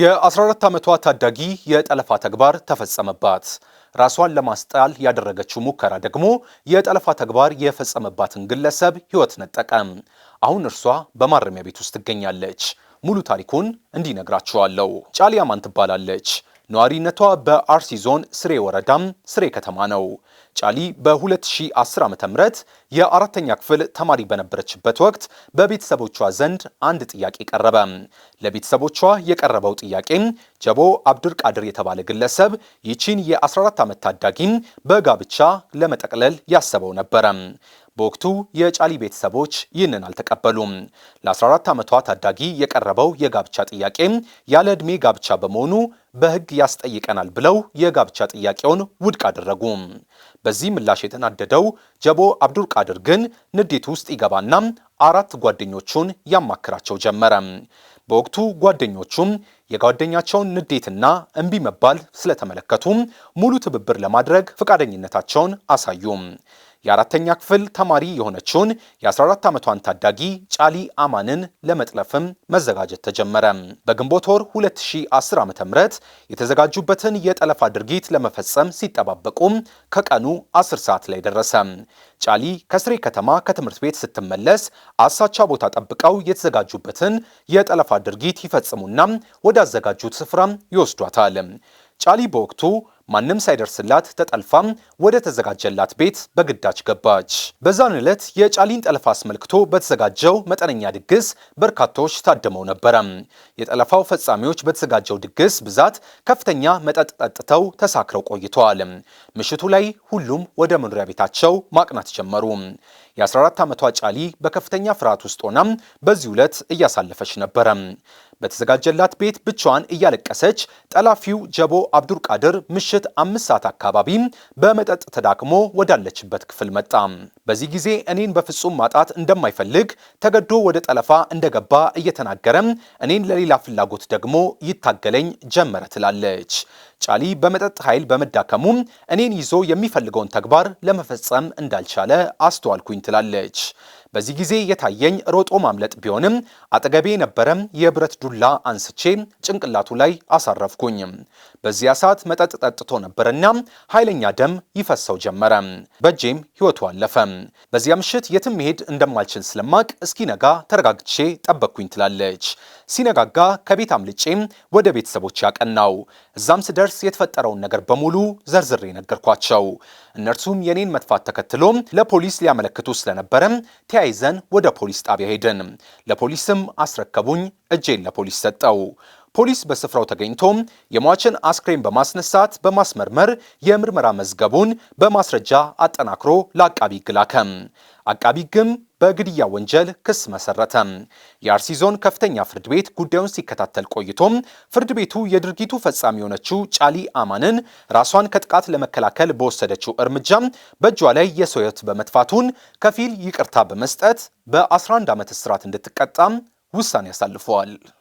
የ14 ዓመቷ ታዳጊ የጠለፋ ተግባር ተፈጸመባት። ራሷን ለማስጣል ያደረገችው ሙከራ ደግሞ የጠለፋ ተግባር የፈጸመባትን ግለሰብ ሕይወት ነጠቀም። አሁን እርሷ በማረሚያ ቤት ውስጥ ትገኛለች። ሙሉ ታሪኩን እንዲነግራችኋለሁ። ጫሊያማን ትባላለች። ነዋሪነቷ በአርሲ ዞን ስሬ ወረዳም ስሬ ከተማ ነው። ጫሊ በ2010 ም የአራተኛ ክፍል ተማሪ በነበረችበት ወቅት በቤተሰቦቿ ዘንድ አንድ ጥያቄ ቀረበ። ለቤተሰቦቿ የቀረበው ጥያቄ ጀቦ አብዱር ቃድር የተባለ ግለሰብ ይቺን የ14 ዓመት ታዳጊም በጋብቻ ለመጠቅለል ያሰበው ነበረ። በወቅቱ የጫሊ ቤተሰቦች ይህንን አልተቀበሉም። ለ14 ዓመቷ ታዳጊ የቀረበው የጋብቻ ጥያቄ ያለ ዕድሜ ጋብቻ በመሆኑ በሕግ ያስጠይቀናል ብለው የጋብቻ ጥያቄውን ውድቅ አደረጉ። በዚህ ምላሽ የተናደደው ጀቦ አብዱል ቃድር ግን ንዴት ውስጥ ይገባና አራት ጓደኞቹን ያማክራቸው ጀመረ። በወቅቱ ጓደኞቹም የጓደኛቸውን ንዴትና እምቢ መባል ስለተመለከቱ ሙሉ ትብብር ለማድረግ ፈቃደኝነታቸውን አሳዩ። የአራተኛ ክፍል ተማሪ የሆነችውን የ14 ዓመቷን ታዳጊ ጫሊ አማንን ለመጥለፍም መዘጋጀት ተጀመረ። በግንቦት ወር 2010 ዓ.ም የተዘጋጁበትን የጠለፋ ድርጊት ለመፈጸም ሲጠባበቁም ከቀኑ 10 ሰዓት ላይ ደረሰ። ጫሊ ከስሬ ከተማ ከትምህርት ቤት ስትመለስ አሳቻ ቦታ ጠብቀው የተዘጋጁበትን የጠለፋ ድርጊት ይፈጽሙና ወደ አዘጋጁት ስፍራ ይወስዷታል። ጫሊ በወቅቱ ማንም ሳይደርስላት ተጠልፋም ወደ ተዘጋጀላት ቤት በግዳጅ ገባች። በዛን ዕለት የጫሊን ጠለፋ አስመልክቶ በተዘጋጀው መጠነኛ ድግስ በርካቶች ታድመው ነበረ። የጠለፋው ፈጻሚዎች በተዘጋጀው ድግስ ብዛት ከፍተኛ መጠጥ ጠጥተው ተሳክረው ቆይተዋል። ምሽቱ ላይ ሁሉም ወደ መኖሪያ ቤታቸው ማቅናት ጀመሩ። የ14 ዓመቷ ጫሊ በከፍተኛ ፍርሃት ውስጥ ሆና በዚህ ዕለት እያሳለፈች ነበረ። በተዘጋጀላት ቤት ብቻዋን እያለቀሰች ጠላፊው ጀቦ አብዱር ቃድር ምሽት አምስት ሰዓት አካባቢ በመጠጥ ተዳክሞ ወዳለችበት ክፍል መጣ። በዚህ ጊዜ እኔን በፍጹም ማጣት እንደማይፈልግ ተገዶ ወደ ጠለፋ እንደገባ እየተናገረም እኔን ለሌላ ፍላጎት ደግሞ ይታገለኝ ጀመረ ትላለች። ጫሊ በመጠጥ ኃይል በመዳከሙ እኔን ይዞ የሚፈልገውን ተግባር ለመፈጸም እንዳልቻለ አስተዋልኩኝ ትላለች። በዚህ ጊዜ የታየኝ ሮጦ ማምለጥ ቢሆንም አጠገቤ የነበረም የብረት ዱላ አንስቼ ጭንቅላቱ ላይ አሳረፍኩኝ። በዚያ ሰዓት መጠጥ ጠጥቶ ነበርና ኃይለኛ ደም ይፈሰው ጀመረ። በእጄም ህይወቱ አለፈ። በዚያ ምሽት የትም መሄድ እንደማልችል ስለማቅ እስኪነጋ ተረጋግቼ ጠበቅኩኝ ትላለች። ሲነጋጋ ከቤት አምልጬም ወደ ቤተሰቦች ያቀናው። እዛም ስደርስ የተፈጠረውን ነገር በሙሉ ዘርዝሬ ነገርኳቸው። እነርሱም የኔን መጥፋት ተከትሎ ለፖሊስ ሊያመለክቱ ስለነበረ ተያይዘን ወደ ፖሊስ ጣቢያ ሄድን። ለፖሊስም አስረከቡኝ። እጄን ለፖሊስ ሰጠው። ፖሊስ በስፍራው ተገኝቶ የሟችን አስክሬን በማስነሳት በማስመርመር የምርመራ መዝገቡን በማስረጃ አጠናክሮ ለአቃቢ ሕግ ላከ። አቃቢ ሕግም በግድያ ወንጀል ክስ መሰረተ። የአርሲ ዞን ከፍተኛ ፍርድ ቤት ጉዳዩን ሲከታተል ቆይቶም ፍርድ ቤቱ የድርጊቱ ፈጻሚ የሆነችው ጫሊ አማንን ራሷን ከጥቃት ለመከላከል በወሰደችው እርምጃም በእጇ ላይ የሰው ሕይወት በመጥፋቱን ከፊል ይቅርታ በመስጠት በ11 ዓመት እስራት እንድትቀጣም ውሳኔ አሳልፈዋል።